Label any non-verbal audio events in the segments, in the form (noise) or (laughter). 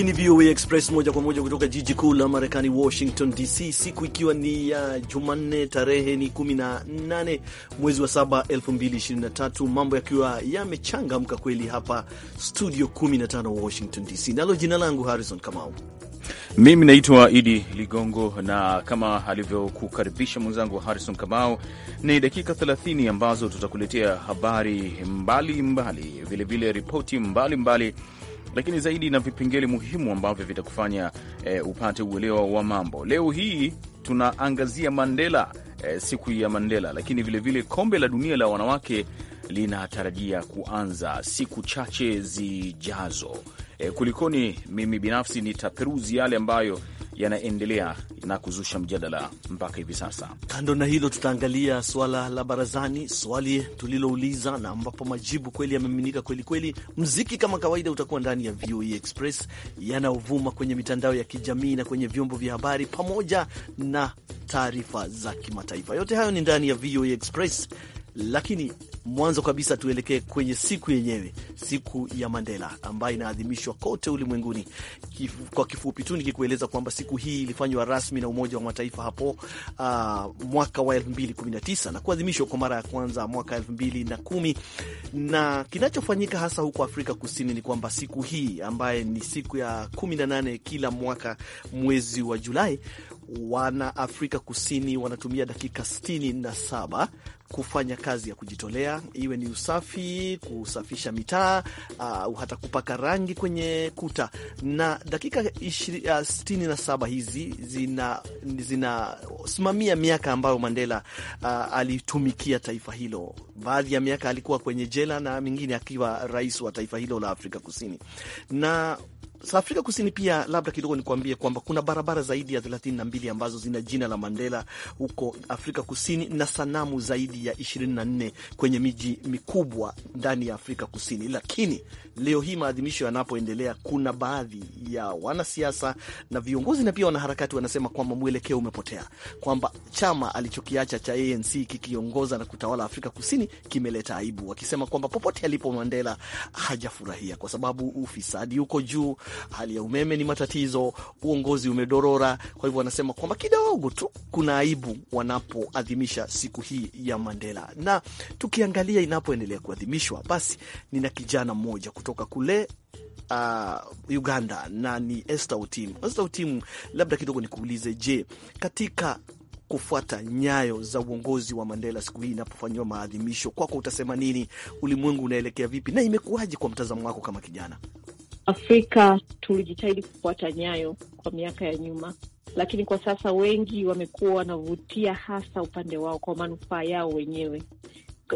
Hii ni VOA Express moja kwa moja kutoka jiji kuu la Marekani, Washington DC, siku ikiwa ni ya uh, Jumanne, tarehe ni 18 mwezi wa 7 2023, mambo yakiwa yamechangamka kweli hapa studio 15 Washington DC, nalo jina langu Harrison Kamau. Mimi naitwa Idi Ligongo, na kama alivyokukaribisha mwenzangu Harrison Kamau, ni dakika 30 ambazo tutakuletea habari mbalimbali, vilevile ripoti mbalimbali mbali lakini zaidi na vipengele muhimu ambavyo vitakufanya eh, upate uelewa wa mambo. Leo hii tunaangazia Mandela, eh, siku ya Mandela, lakini vilevile vile kombe la dunia la wanawake linatarajia kuanza siku chache zijazo. Eh, kulikoni, mimi binafsi nitaperuzi yale ambayo yanaendelea na kuzusha mjadala mpaka hivi sasa. Kando na hilo, tutaangalia swala la barazani, swali tulilouliza na ambapo majibu kweli yamemiminika kweli kweli. Mziki kama kawaida utakuwa ndani ya VOA e Express, yanayovuma kwenye mitandao ya kijamii na kwenye vyombo vya habari pamoja na taarifa za kimataifa. Yote hayo ni ndani ya VOA e Express. Lakini mwanzo kabisa tuelekee kwenye siku yenyewe, siku ya Mandela ambayo inaadhimishwa kote ulimwenguni. kwa kifupi tu nikikueleza kwamba siku hii ilifanywa rasmi na Umoja wa Mataifa hapo uh, mwaka wa 2019 na kuadhimishwa kwa mara ya kwanza mwaka 2010 na kinachofanyika hasa huko Afrika Kusini ni kwamba siku hii ambaye ni siku ya 18 kila mwaka mwezi wa Julai wana Afrika Kusini wanatumia dakika 67 kufanya kazi ya kujitolea, iwe ni usafi, kusafisha mitaa au uh, hata kupaka rangi kwenye kuta. Na dakika 67 uh, hizi zinasimamia zina miaka ambayo Mandela uh, alitumikia taifa hilo. Baadhi ya miaka alikuwa kwenye jela na mingine akiwa rais wa taifa hilo la Afrika Kusini na Afrika Kusini pia labda kidogo nikuambie kwamba kuna barabara zaidi ya 32 ambazo zina jina la Mandela huko Afrika Kusini na sanamu zaidi ya 24 kwenye miji mikubwa ndani ya Afrika Kusini. Lakini leo hii maadhimisho yanapoendelea, kuna baadhi ya wanasiasa na viongozi na pia wanaharakati wanasema kwamba mwelekeo umepotea, kwamba chama alichokiacha cha ANC kikiongoza na kutawala Afrika Kusini kimeleta aibu, wakisema kwamba popote alipo Mandela hajafurahia kwa sababu ufisadi uko juu hali ya umeme ni matatizo, uongozi umedorora. Kwa hivyo wanasema kwamba kidogo tu kuna aibu wanapoadhimisha siku hii ya Mandela, na tukiangalia inapoendelea kuadhimishwa, basi nina kijana mmoja kutoka kule Uh, Uganda na ni Esther Otim. Esther Otim, labda kidogo nikuulize, je, katika kufuata nyayo za uongozi wa Mandela siku hii inapofanyiwa maadhimisho, kwako utasema nini? Ulimwengu unaelekea vipi na imekuwaje kwa mtazamo wako kama kijana? Afrika tulijitahidi kufuata nyayo kwa miaka ya nyuma, lakini kwa sasa wengi wamekuwa wanavutia hasa upande wao kwa manufaa yao wenyewe.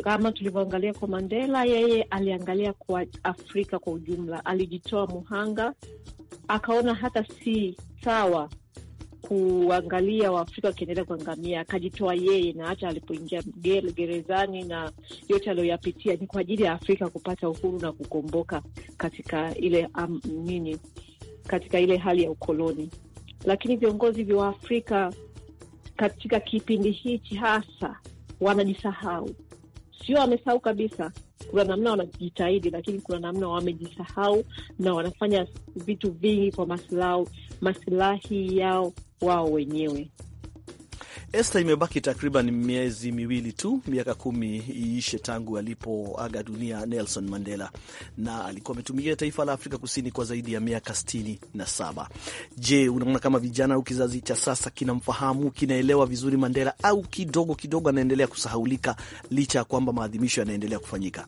Kama tulivyoangalia kwa Mandela, yeye aliangalia kwa Afrika kwa ujumla, alijitoa muhanga, akaona hata si sawa kuangalia Waafrika wakiendelea kuangamia, akajitoa yeye, na hata alipoingia gerezani na yote aliyoyapitia ni kwa ajili ya Afrika kupata uhuru na kukomboka katika ile um, nini, katika ile hali ya ukoloni. Lakini viongozi vya Afrika katika kipindi hichi hasa wanajisahau, sio wamesahau kabisa kuna namna wanajitahidi, lakini kuna namna wamejisahau na wanafanya vitu vingi kwa maslahi masilahi yao wao wenyewe. Esta, imebaki takriban miezi miwili tu miaka kumi iishe tangu alipoaga dunia Nelson Mandela, na alikuwa ametumikia taifa la Afrika Kusini kwa zaidi ya miaka sitini na saba. Je, unaona kama vijana au kizazi cha sasa kinamfahamu, kinaelewa vizuri Mandela au kidogo kidogo anaendelea kusahaulika, licha ya kwamba maadhimisho yanaendelea kufanyika?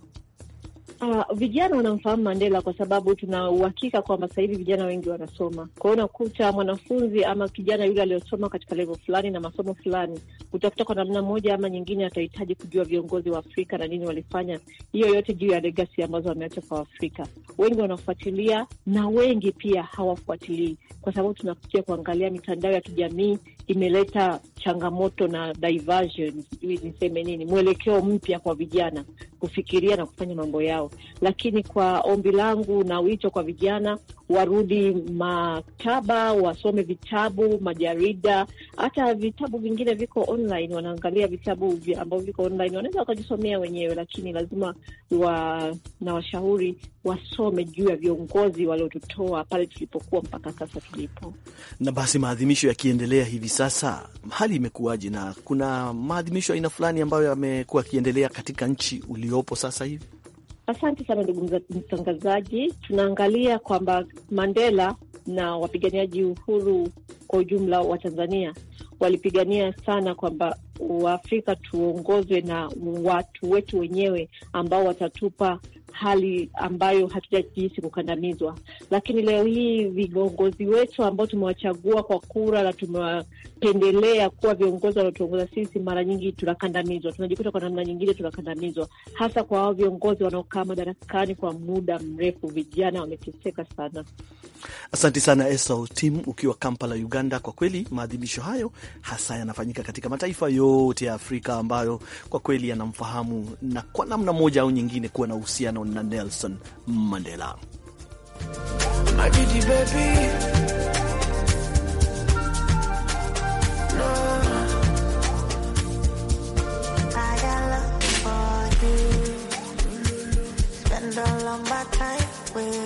Uh, vijana wanamfahamu Mandela kwa sababu tuna uhakika kwamba sasa hivi vijana wengi wanasoma. Kwa hiyo unakuta mwanafunzi ama kijana yule aliyosoma katika level fulani na masomo fulani, utakuta kwa namna moja ama nyingine atahitaji kujua viongozi wa Afrika na nini walifanya, hiyo yote juu ya legacy ambazo wameacha kwa Afrika. Wengi wanafuatilia na wengi pia hawafuatilii, kwa sababu tunakuja kuangalia mitandao ya kijamii imeleta changamoto na diversion, niseme nini, mwelekeo mpya kwa vijana kufikiria na kufanya mambo yao. Lakini kwa ombi langu na wito kwa vijana warudi maktaba, wasome vitabu, majarida, hata vitabu vingine viko online, wanaangalia vitabu ambavyo viko online, wanaweza wakajisomea wenyewe, lakini lazima wa, na washauri wasome juu ya viongozi waliotutoa pale tulipokuwa mpaka sasa tulipo. Na basi maadhimisho yakiendelea hivi sasa, hali imekuwaje? Na kuna maadhimisho aina fulani ambayo yamekuwa yakiendelea katika nchi uliopo sasa hivi? Asante sana ndugu mtangazaji. Tunaangalia kwamba Mandela na wapiganiaji uhuru kwa ujumla wa Tanzania walipigania sana kwamba Waafrika tuongozwe na watu wetu wenyewe ambao watatupa hali ambayo hatujajihisi kukandamizwa. Lakini leo hii viongozi wetu ambao tumewachagua kwa kura na tumewapendelea kuwa viongozi wanaotuongoza sisi, mara nyingi tunakandamizwa, tunajikuta kwa namna nyingine tunakandamizwa, hasa kwa hao viongozi wanaokaa madarakani kwa muda mrefu. Vijana wameteseka sana. Asante sana Esa Tim ukiwa Kampala, Uganda. Kwa kweli maadhimisho hayo hasa yanafanyika katika mataifa yote ya Afrika ambayo kwa kweli yanamfahamu na kwa namna moja au nyingine kuwa na uhusiano Lennon na Nelson Mandela. all time with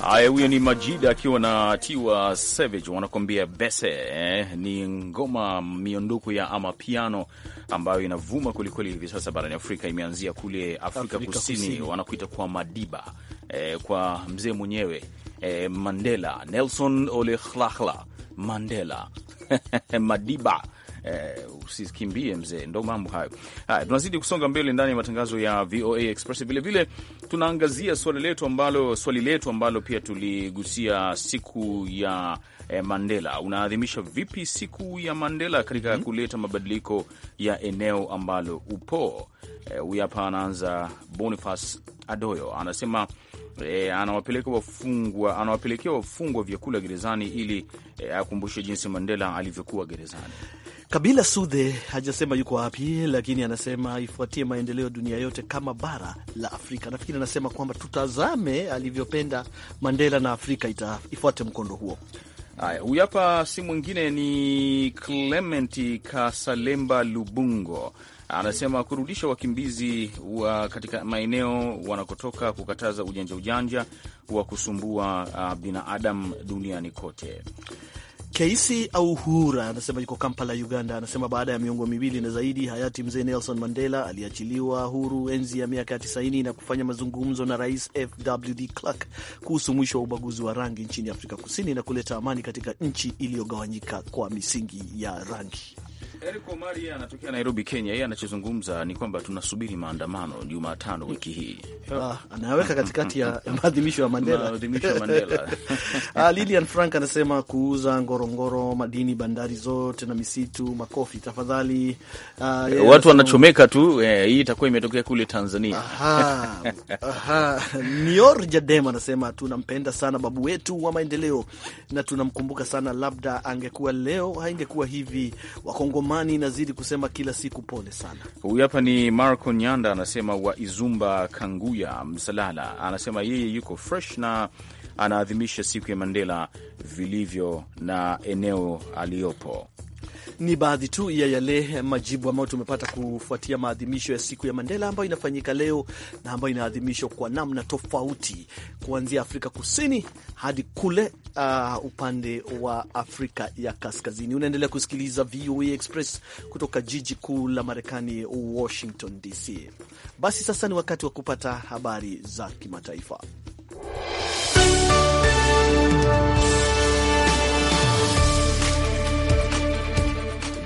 Haya, huyo ni Majida akiwa na Tiwa Savage wanakuambia bese eh, ni ngoma miondoko ya ama piano ambayo inavuma kwelikweli hivi sasa barani Afrika. Imeanzia kule Afrika, Afrika Kusini, Kusini, wanakuita kwa Madiba eh, kwa mzee mwenyewe eh, Mandela, Nelson Ole Mandela (laughs) Madiba eh, usikimbie mzee, ndo mambo hayo. Haya, tunazidi kusonga mbele ndani ya matangazo ya VOA Express. Vilevile tunaangazia swali letu ambalo swali letu ambalo pia tuligusia siku ya eh, Mandela. Unaadhimisha vipi siku ya Mandela katika -hmm. kuleta mabadiliko ya eneo ambalo upo? Eh, huyu eh, hapa anaanza Boniface Adoyo anasema E, eh, anawapelekea wafungwa anawapelekea wafungwa vyakula gerezani ili e, eh, akumbushe jinsi Mandela alivyokuwa gerezani. Kabila Sudhe hajasema yuko wapi, lakini anasema ifuatie maendeleo dunia yote kama bara la Afrika. Nafikiri anasema kwamba tutazame alivyopenda Mandela na Afrika ifuate mkondo huo. Haya, huyu hapa si mwingine ni Clement Kasalemba Lubungo, anasema kurudisha wakimbizi wa katika maeneo wanakotoka, kukataza ujanja ujanja wa kusumbua uh, binadamu duniani kote. Keisi au Hura anasema yuko Kampala, Uganda. Anasema baada ya miongo miwili na zaidi, hayati mzee Nelson Mandela aliachiliwa huru enzi ya miaka ya 90 na kufanya mazungumzo na Rais FW de Klerk kuhusu mwisho wa ubaguzi wa rangi nchini Afrika Kusini na kuleta amani katika nchi iliyogawanyika kwa misingi ya rangi. Eric Omari anatokea Nairobi, Kenya. Yeye anachozungumza ni kwamba tunasubiri maandamano Jumatano wiki hii, ah, anaweka katikati ya (laughs) maadhimisho ya Mandela, maadhimisho ya Mandela. (laughs) Ah, Lilian Frank anasema kuuza ngorongoro, madini, bandari zote na misitu, makofi tafadhali. Uh, watu wanachomeka tu. Eh, hii itakuwa imetokea kule Tanzania. Aha, aha. Nior Jadem anasema tunampenda sana babu wetu wa maendeleo na tunamkumbuka sana, labda angekuwa leo haingekuwa hivi Wakongo amani inazidi kusema kila siku, pole sana. Huyu hapa ni Marco Nyanda anasema wa Izumba Kanguya Msalala, anasema yeye yuko fresh na anaadhimisha siku ya Mandela vilivyo na eneo aliyopo. Ni baadhi tu ya yale majibu ambayo tumepata kufuatia maadhimisho ya siku ya Mandela ambayo inafanyika leo na ambayo inaadhimishwa kwa namna tofauti kuanzia Afrika Kusini hadi kule uh, upande wa Afrika ya Kaskazini. Unaendelea kusikiliza VOA Express kutoka jiji kuu la Marekani, Washington DC. Basi sasa ni wakati wa kupata habari za kimataifa.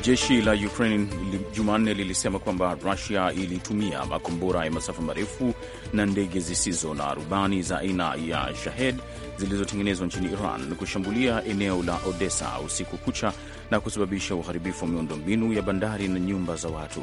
Jeshi la Ukraine Jumanne lilisema kwamba Rusia ilitumia makombora ya masafa marefu na ndege zisizo na rubani za aina ya Shahed zilizotengenezwa nchini Iran kushambulia eneo la Odessa usiku kucha na kusababisha uharibifu wa miundombinu ya bandari na nyumba za watu.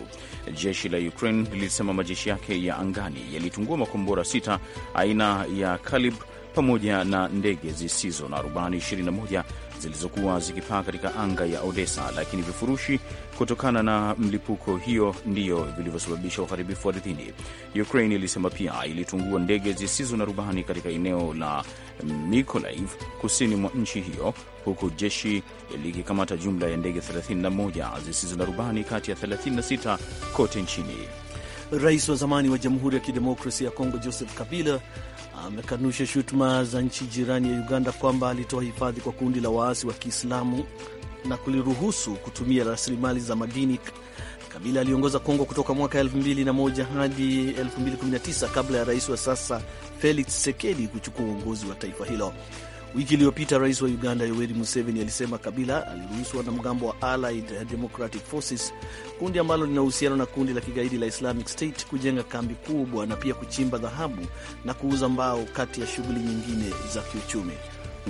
Jeshi la Ukraine lilisema majeshi yake ya angani yalitungua makombora sita aina ya Kalib pamoja na ndege zisizo na rubani 21 zilizokuwa zikipaa katika anga ya Odessa, lakini vifurushi kutokana na mlipuko hiyo ndiyo vilivyosababisha uharibifu ardhini. Ukraine ilisema pia ilitungua ndege zisizo na rubani katika eneo la Mykolaiv kusini mwa nchi hiyo, huku jeshi likikamata jumla ya ndege 31 zisizo na rubani kati ya 36 kote nchini. Rais wa zamani wa Jamhuri ya Kidemokrasia ya Kongo Joseph Kabila amekanusha shutuma za nchi jirani ya Uganda kwamba alitoa hifadhi kwa kundi la waasi wa Kiislamu na kuliruhusu kutumia rasilimali za madini. Kabila aliongoza Kongo kutoka mwaka 2001 hadi 2019 kabla ya rais wa sasa Felix Tshisekedi kuchukua uongozi wa taifa hilo. Wiki iliyopita rais wa Uganda Yoweri Museveni alisema Kabila aliruhusu wanamgambo wa Allied Democratic Forces, kundi ambalo lina uhusiano na kundi la kigaidi la Islamic State, kujenga kambi kubwa na pia kuchimba dhahabu na kuuza mbao, kati ya shughuli nyingine za kiuchumi.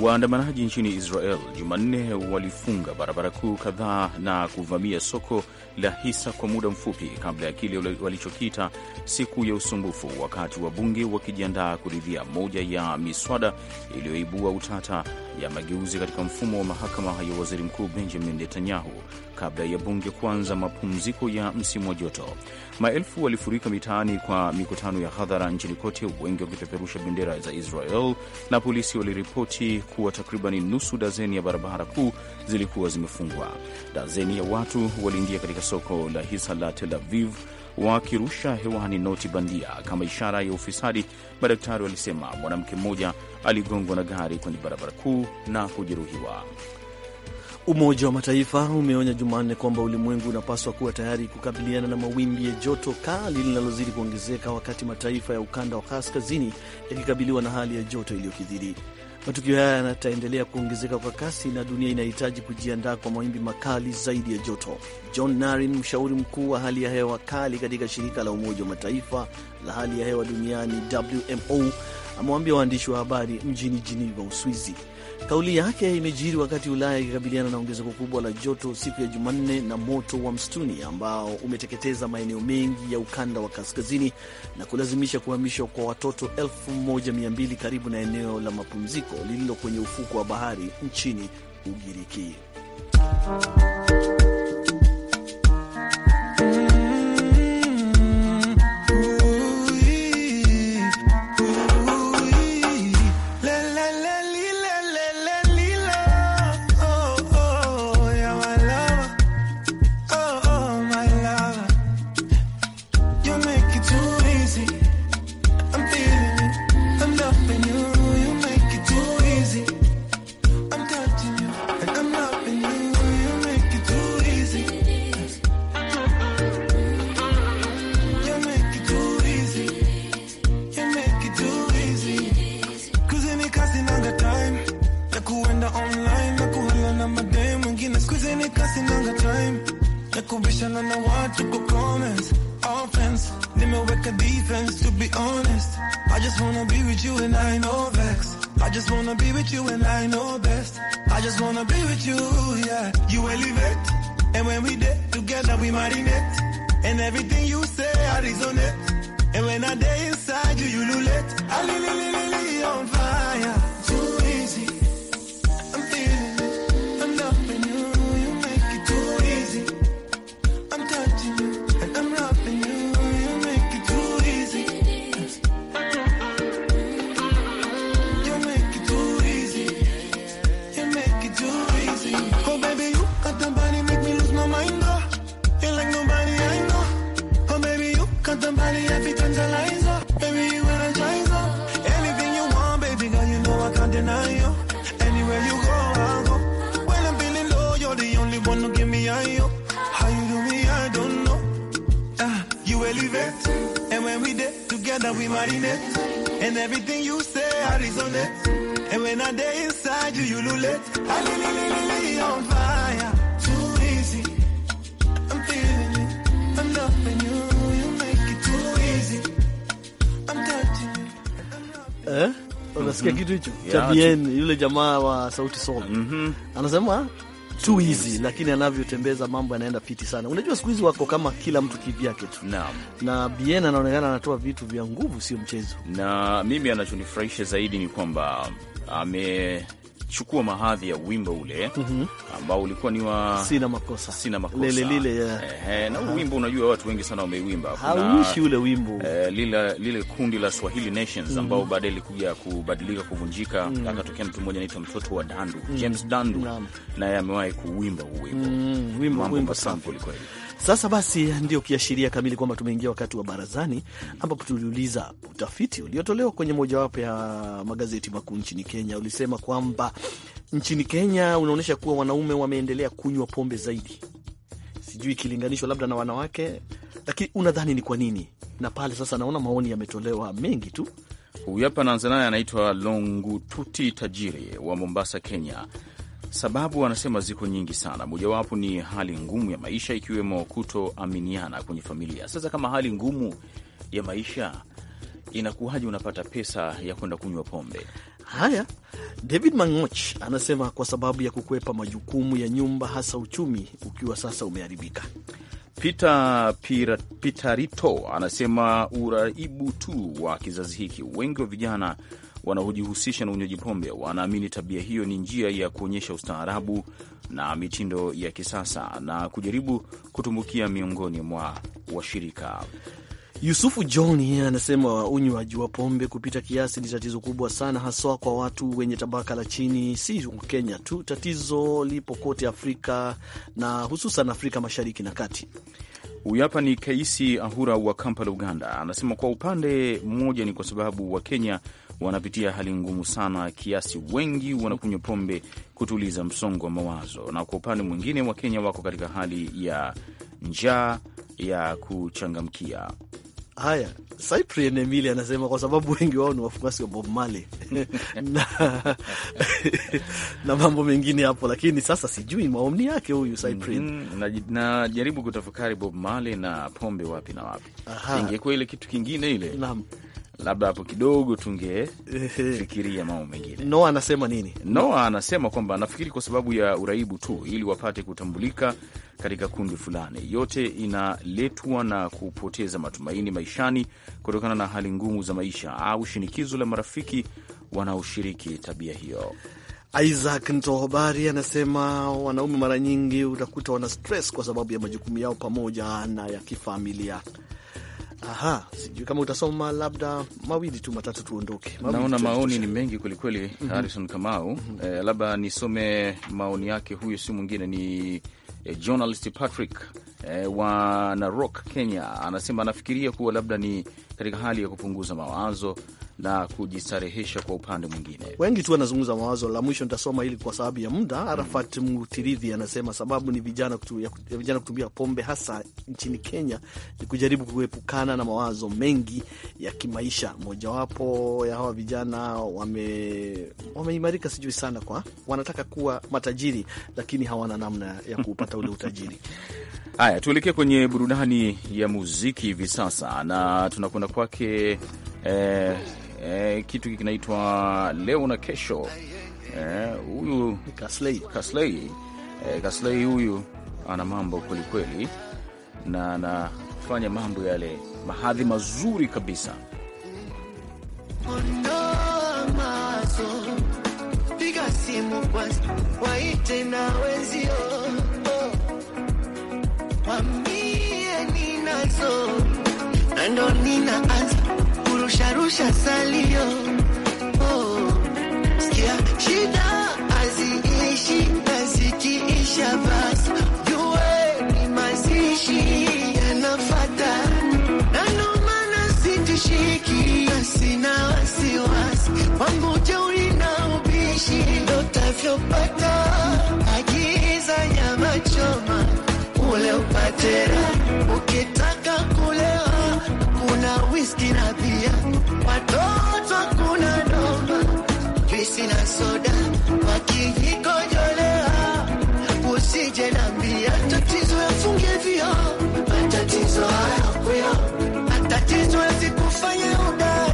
Waandamanaji nchini Israel Jumanne walifunga barabara kuu kadhaa na kuvamia soko la hisa kwa muda mfupi kabla ya kile walichokiita siku ya usumbufu, wakati wa bunge wakijiandaa kuridhia moja ya miswada iliyoibua utata ya mageuzi katika mfumo wa mahakama ya waziri mkuu Benjamin Netanyahu kabla ya bunge kuanza mapumziko ya msimu wa joto. Maelfu walifurika mitaani kwa mikutano ya hadhara nchini kote, wengi wakipeperusha bendera za Israel, na polisi waliripoti kuwa takribani nusu dazeni ya barabara kuu zilikuwa zimefungwa. Dazeni ya watu waliingia katika katika soko la hisa la Tel Aviv wakirusha hewani noti bandia kama ishara ya ufisadi. Madaktari walisema mwanamke mmoja aligongwa na gari kwenye barabara kuu na kujeruhiwa. Umoja wa Mataifa umeonya Jumanne kwamba ulimwengu unapaswa kuwa tayari kukabiliana na mawimbi ya joto kali linalozidi kuongezeka, wakati mataifa ya ukanda wa kaskazini yakikabiliwa na hali ya joto iliyokithiri. Matukio haya yanataendelea kuongezeka kwa kasi na dunia inahitaji kujiandaa kwa mawimbi makali zaidi ya joto. John Narin, mshauri mkuu wa hali ya hewa kali katika shirika la Umoja wa Mataifa la hali ya hewa duniani WMO, amewaambia waandishi wa habari mjini Jiniva, Uswizi Kauli yake imejiri wakati Ulaya ikikabiliana na ongezeko kubwa la joto siku ya Jumanne na moto wa msituni ambao umeteketeza maeneo mengi ya ukanda wa kaskazini na kulazimisha kuhamishwa kwa watoto 1200 karibu na eneo la mapumziko lililo kwenye ufuko wa bahari nchini Ugiriki. Nimechoka, sinanga time ya kubishana na watu kwa comments, offense nimeweka defense. To be honest, I just wanna be with you and I know vex. I just wanna be with you and I know best. I just wanna be with you, yeah. You elevate, and when we did together we marinate, and everything you say I resonate, and when I day inside you you lulate, I li li li on fire. depending on you. Anywhere you go, I'll go. When I'm feeling low, you're the only one who give me high. Yo. How you do me, I don't know. Uh, you elevate, and when we did together, we marinate. And everything you say, I resonate. And when I day inside you, you lulate. I li li li on fire. Too easy. I'm feeling it. I'm loving you. You make it too easy. I'm touching it. I'm loving you. Uh? unasikia mhm. kitu hicho cha Bien, yule jamaa wa Sauti Sol mhm. anasema tu hizi lakini anavyotembeza mambo yanaenda fiti sana. Unajua siku hizi wako kama kila mtu kivyake tu na, na Bien anaonekana anatoa vitu vya nguvu, sio mchezo. Na mimi anachonifurahisha zaidi ni kwamba ame alichukua mahadhi ya wimbo ule mm -hmm. ambao ulikuwa ni wa sina makosa, sina makosa lele lile ya ehe, na wimbo unajua, watu wengi sana wameuimba, hauishi ule wimbo eh, lile lile kundi la Swahili Nations mm -hmm. ambao baadaye ilikuja kubadilika kuvunjika, mm -hmm. akatokea mtu mmoja anaitwa mtoto wa Dandu mm -hmm. James Dandu naye amewahi kuimba huu wimbo mm -hmm. wimbo wimbo sample kweli sasa basi, ndio kiashiria kamili kwamba tumeingia wakati wa barazani, ambapo tuliuliza utafiti uliotolewa kwenye mojawapo ya magazeti makuu nchini Kenya ulisema kwamba nchini Kenya unaonyesha kuwa wanaume wameendelea kunywa pombe zaidi, sijui ikilinganishwa labda na wanawake, lakini unadhani ni kwa nini? Na pale sasa naona maoni yametolewa mengi tu. Huyu hapa naanza naye, anaitwa Longututi Tajiri wa Mombasa, Kenya. Sababu anasema ziko nyingi sana, mojawapo ni hali ngumu ya maisha, ikiwemo kutoaminiana kwenye familia. Sasa kama hali ngumu ya maisha inakuwaje unapata pesa ya kwenda kunywa pombe? Haya, David Mangoch anasema kwa sababu ya kukwepa majukumu ya nyumba, hasa uchumi ukiwa sasa umeharibika. Peter Pitarito anasema uraibu tu wa kizazi hiki, wengi wa vijana wanaojihusisha na unywaji pombe wanaamini tabia hiyo ni njia ya kuonyesha ustaarabu na mitindo ya kisasa na kujaribu kutumbukia miongoni mwa washirika. Yusufu John anasema unywaji wa pombe kupita kiasi ni tatizo kubwa sana, haswa kwa watu wenye tabaka la chini. Si Kenya tu, tatizo lipo kote Afrika na hususan Afrika Mashariki na Kati. Huyu hapa ni Kaisi Ahura wa Kampala, Uganda, anasema kwa upande mmoja ni kwa sababu Wakenya wanapitia hali ngumu sana kiasi wengi wanakunywa pombe kutuliza msongo wa mawazo, na kwa upande mwingine Wakenya wako katika hali ya njaa ya kuchangamkia. Haya, Cyprian Emili anasema kwa sababu wengi wao ni wafuasi wa Bob Marley (laughs) na, na mambo mengine hapo, lakini sasa sijui maoni yake huyu Cyprian. Mm, najaribu na kutafakari Bob Marley na pombe wapi na wapi, ingekuwa ile kitu kingine ile. Naam labda hapo kidogo tungefikiria mambo mengine. Noa anasema nini? Noa anasema kwamba nafikiri kwa sababu ya uraibu tu, ili wapate kutambulika katika kundi fulani. Yote inaletwa na kupoteza matumaini maishani kutokana na hali ngumu za maisha au shinikizo la marafiki wanaoshiriki tabia hiyo. Isaac Ntohobari anasema wanaume mara nyingi utakuta wana stress kwa sababu ya majukumu yao pamoja na ya kifamilia. Aha, sijui kama utasoma labda mawili tu matatu, tuondoke. Naona maoni ni mengi kwelikweli, mhm. Harrison Kamau. mm -hmm. Eh, labda nisome maoni yake. Huyu si mwingine ni eh, journalist Patrick eh, wa Narok, Kenya. Anasema anafikiria kuwa labda ni katika hali ya kupunguza mawazo na kujistarehesha kwa upande mwingine. Wengi tu wanazungumza mawazo. La mwisho nitasoma hili kwa sababu ya muda. Mm. Arafat Mutiridhi anasema sababu ni vijana kutumia, vijana kutumia pombe hasa nchini Kenya ni kujaribu kuepukana na mawazo mengi ya kimaisha. Mojawapo ya hawa vijana wameimarika, wame sijui sana kwa wanataka kuwa matajiri, lakini hawana namna ya kupata ule utajiri. (laughs) Haya, tuelekee kwenye burudani ya muziki hivi sasa, na tunakwenda kwake eh, eh, kitu kinaitwa leo na kesho. Eh, huyu eh, Kaslei eh, Kaslei huyu ana mambo kwelikweli, na anafanya mambo yale mahadhi mazuri kabisa kuangusha salio oh, shida aziishi nazikiisha basi jue ni mazishi yanafata nanomana sitishiki sina wasiwasi wamoja ulina ubishi ndotavyopata agiza nyama choma ukitaka kulewa kuna wiski na bia watoto kuna noma, juisi na soda wakijikojolea, usije nambia tatizo yafungie matatizo hayakuyo, matatizo yasikufanya uda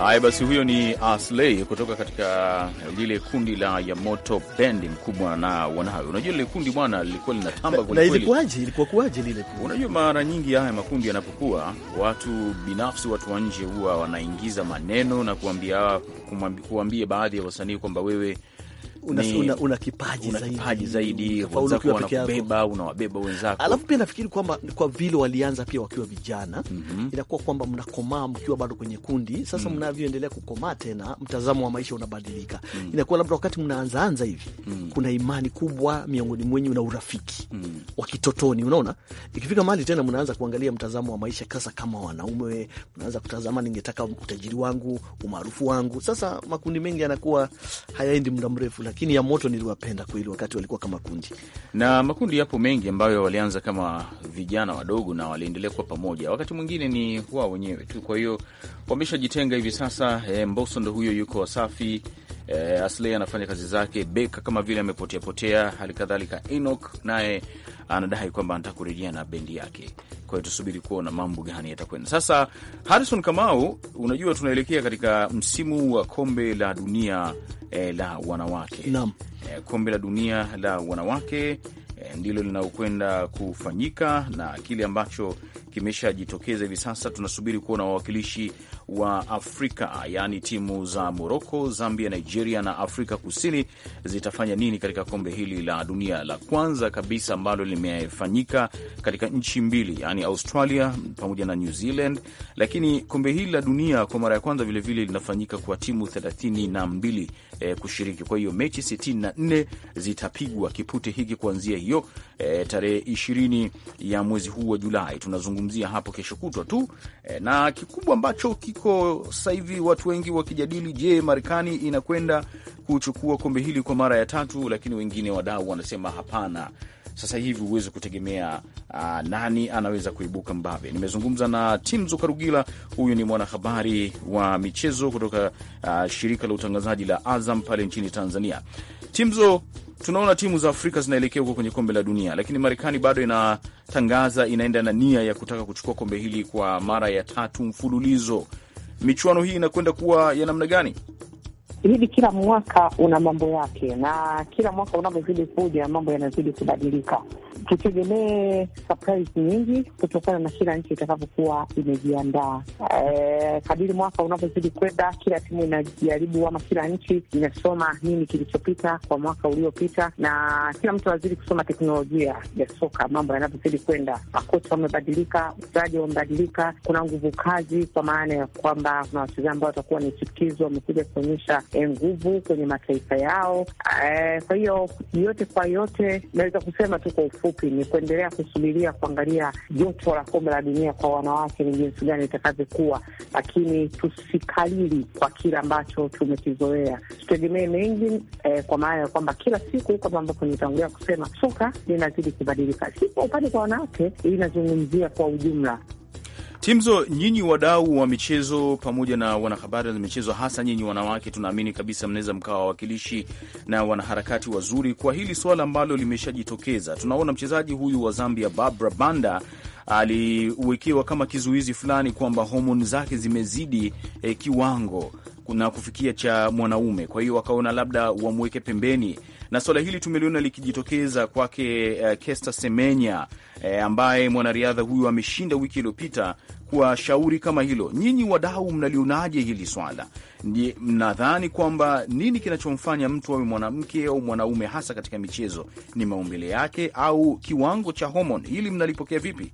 Haya basi, huyo ni Asley kutoka katika lile kundi la Yamoto Bendi, mkubwa na wanawe. Unajua lile kundi bwana lilikuwa linatamba kweli kweli. Ilikuwaje? Ilikuwa kuwaje lile kundi? Unajua mara nyingi haya makundi yanapokuwa, watu binafsi, watu wa nje, huwa wanaingiza maneno na kuambia kuambia baadhi ya wasanii kwamba wewe una, una, una kipaji una kipaji zaidi wenzako unawabeba wenzako. Alafu pia nafikiri kwamba kwa vile walianza pia wakiwa vijana mm -hmm. inakuwa kwamba mnakomaa mkiwa bado kwenye kundi. Sasa mm -hmm. kukomaa tena, mtazamo wa maisha unabadilika mm -hmm. inakuwa labda wakati mnaanzaanza hivi mm -hmm. kuna imani kubwa miongoni mwenyu na urafiki mm -hmm. wa kitotoni. Unaona, ikifika mahali tena mnaanza kuangalia mtazamo wa maisha sasa, kama wanaume mnaanza kutazama, ningetaka utajiri wangu, umaarufu wangu. Sasa makundi mengi yanakuwa hayaendi muda mrefu lakini ya moto niliwapenda kweli, wakati walikuwa kama kundi, na makundi yapo mengi ambayo walianza kama vijana wadogo na waliendelea kuwa pamoja, wakati mwingine ni wao wenyewe tu. Kwa hiyo wameshajitenga hivi sasa. E, eh, Mboso ndo huyo yuko Wasafi, eh, Asley anafanya kazi zake, Beka kama vile amepotea potea, hali kadhalika Enoch naye anadai kwamba anataka kurejea na bendi yake. Kwa hiyo tusubiri kuona mambo gani yatakwenda. Sasa Harrison Kamau, unajua tunaelekea katika msimu wa kombe la dunia eh, la wanawake naam. Eh, kombe la dunia la wanawake eh, ndilo linaokwenda kufanyika na kile ambacho kimeshajitokeza hivi sasa, tunasubiri kuona wawakilishi wa Afrika, yaani timu za Moroko, Zambia, Nigeria na Afrika Kusini zitafanya nini katika kombe hili la dunia la kwanza kabisa ambalo limefanyika katika nchi mbili, yaani Australia pamoja na New Zealand. Lakini kombe hili la dunia kwa mara ya kwanza vilevile linafanyika kwa timu 32 na e, kushiriki. Kwa hiyo mechi 64 zitapigwa kipute hiki kuanzia hiyo e, tarehe ishirini ya mwezi huu wa Julai. Tunazungumzia hapo kesho kutwa tu e, na kikubwa ambacho ki kuliko sasa hivi watu wengi wakijadili, je, Marekani inakwenda kuchukua kombe hili kwa mara ya tatu? Lakini wengine wadau wanasema hapana, sasa hivi huwezi kutegemea uh, nani anaweza kuibuka mbabe. Nimezungumza na Tim Zukarugila, huyu ni mwanahabari wa michezo kutoka uh, shirika la utangazaji la Azam pale nchini Tanzania. Timzo, tunaona timu za Afrika zinaelekea huko kwenye kombe la dunia, lakini Marekani bado inatangaza inaenda na nia ya kutaka kuchukua kombe hili kwa mara ya tatu mfululizo michuano hii inakwenda kuwa ya namna gani? Hivi kila mwaka una mambo yake, na kila mwaka unavyozidi kuja mambo yanazidi kubadilika tutegemee surprise nyingi kutokana na kila nchi itakavyokuwa imejiandaa. E, kadiri mwaka unavyozidi kwenda, kila timu inajaribu ama kila nchi inasoma nini kilichopita kwa mwaka uliopita, na kila mtu anazidi kusoma teknolojia ya soka, mambo yanavyozidi kwenda. Makocha wamebadilika, wachezaji wamebadilika, kuna nguvu kazi, kwa maana ya kwamba kuna wachezaji ambao watakuwa ni chipukizi, wamekuja kuonyesha eh, nguvu kwenye mataifa yao. E, kwa hiyo yote kwa yote naweza kusema tu kwa ufupi fupi ni kuendelea kusubiria kuangalia joto la kombe la dunia kwa wanawake ni jinsi gani itakavyokuwa, lakini tusikalili kwa kile ambacho tumekizoea, tutegemee mengi eh, kwa maana ya kwamba kila siku kama ambavyo nitangulia kusema soka linazidi kubadilika. Si kwa upande kwa wanawake, inazungumzia kwa ujumla. Timzo, nyinyi wadau wa michezo pamoja na wanahabari za michezo, hasa nyinyi wanawake, tunaamini kabisa mnaweza mkawa wawakilishi na wanaharakati wazuri kwa hili swala ambalo limeshajitokeza. Tunaona mchezaji huyu wa Zambia Barbara Banda aliwekewa kama kizuizi fulani kwamba homoni zake zimezidi eh, kiwango na kufikia cha mwanaume, kwa hiyo wakaona labda wamweke pembeni, na swala hili tumeliona likijitokeza kwake uh, eh, Kesta Semenya E, ambaye mwanariadha huyu ameshinda wiki iliyopita kwa shauri kama hilo. Nyinyi wadau, mnalionaje hili swala? Mnadhani kwamba nini kinachomfanya mtu awe mwanamke au mwanaume hasa katika michezo? Ni maumbile yake au kiwango cha homoni? Hili mnalipokea vipi?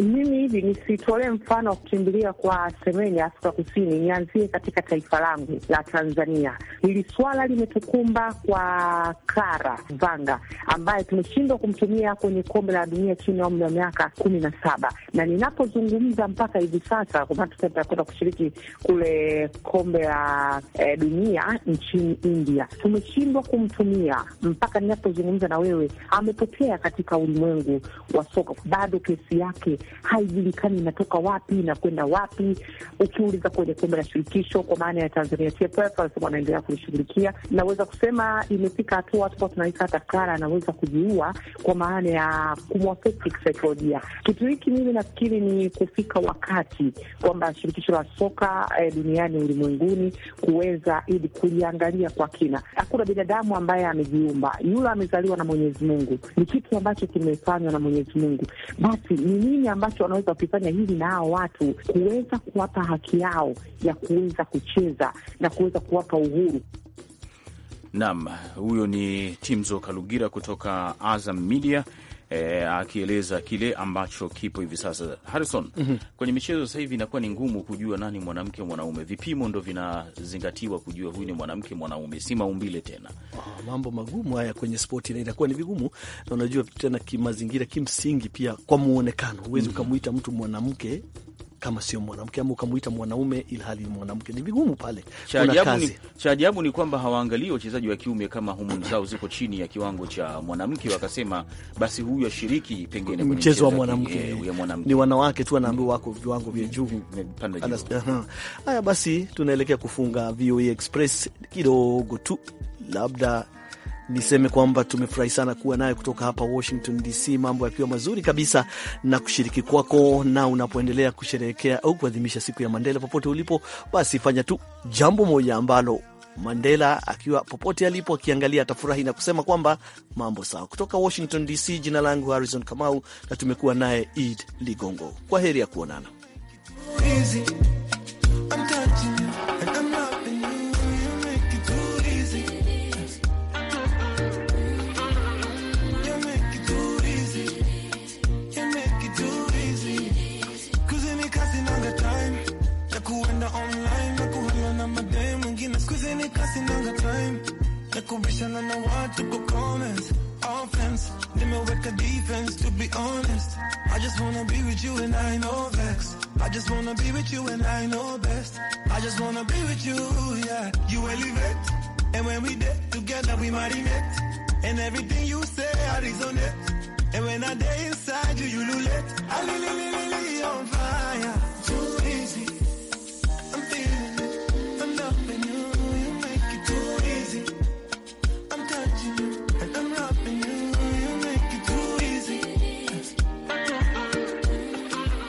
mimi hivi nisitolee mfano wa kukimbilia kwa semeni ya Afrika Kusini, nianzie katika taifa langu la Tanzania. Hili swala limetukumba kwa Clara Vanga ambaye tumeshindwa kumtumia kwenye kombe la dunia chini ya umri wa miaka kumi na saba, na ninapozungumza mpaka hivi sasa, kwa maana tutakwenda kushiriki kule kombe la eh, dunia nchini India, tumeshindwa kumtumia mpaka ninapozungumza na wewe, amepotea katika ulimwengu wa soka, bado kesi yake haijulikani inatoka wapi na kwenda wapi. Ukiuliza kwenye kombe la shirikisho kwa maana ya Tanzania TFF wanasema wanaendelea kulishughulikia. Naweza kusema imefika hatua tukuwa tunaita hata Kara anaweza kujiua kwa maana ya kumwafekti kisaikolojia. Kitu hiki mimi nafikiri ni kufika wakati kwamba shirikisho la soka eh, duniani ulimwenguni kuweza ili kuliangalia kwa kina. Hakuna binadamu ambaye amejiumba, yule amezaliwa na Mwenyezi Mungu, ni kitu ambacho kimefanywa na Mwenyezi Mungu. Basi ni nini ambacho wanaweza wakifanya hivi na hao watu kuweza kuwapa haki yao ya kuweza kucheza na kuweza kuwapa uhuru. Naam, huyo ni Timzo Kalugira kutoka Azam Media eh, akieleza kile ambacho kipo hivi sasa Harrison. mm -hmm. Kwenye michezo sasa hivi inakuwa ni ngumu kujua nani mwanamke mwanaume, vipimo ndo vinazingatiwa kujua huyu ni mwanamke mwanaume, si maumbile tena. Oh, mambo magumu haya kwenye spoti na inakuwa ni vigumu, na unajua tena kimazingira, kimsingi pia kwa muonekano huwezi mm -hmm. mtu mwanamke kama sio mwanamke, ama ukamuita mwanaume ilhali ni mwanamke, ni vigumu pale. Cha ajabu ni, ni kwamba hawaangalii wachezaji wa kiume kama homoni zao ziko chini ya kiwango cha mwanamke, wakasema basi huyu ashiriki pengine mchezo wa mwanamke. Ni wanawake tu wanaambiwa wako viwango vya juu. Haya basi, tunaelekea kufunga VOA e Express kidogo tu, labda niseme kwamba tumefurahi sana kuwa naye kutoka hapa Washington DC, mambo yakiwa mazuri kabisa na kushiriki kwako. Na unapoendelea kusherehekea au kuadhimisha siku ya Mandela popote ulipo, basi fanya tu jambo moja ambalo Mandela akiwa popote alipo akiangalia atafurahi na kusema kwamba mambo sawa. Kutoka Washington DC, jina langu Harrison Kamau na tumekuwa naye ed Ligongo. Kwa heri ya kuonana.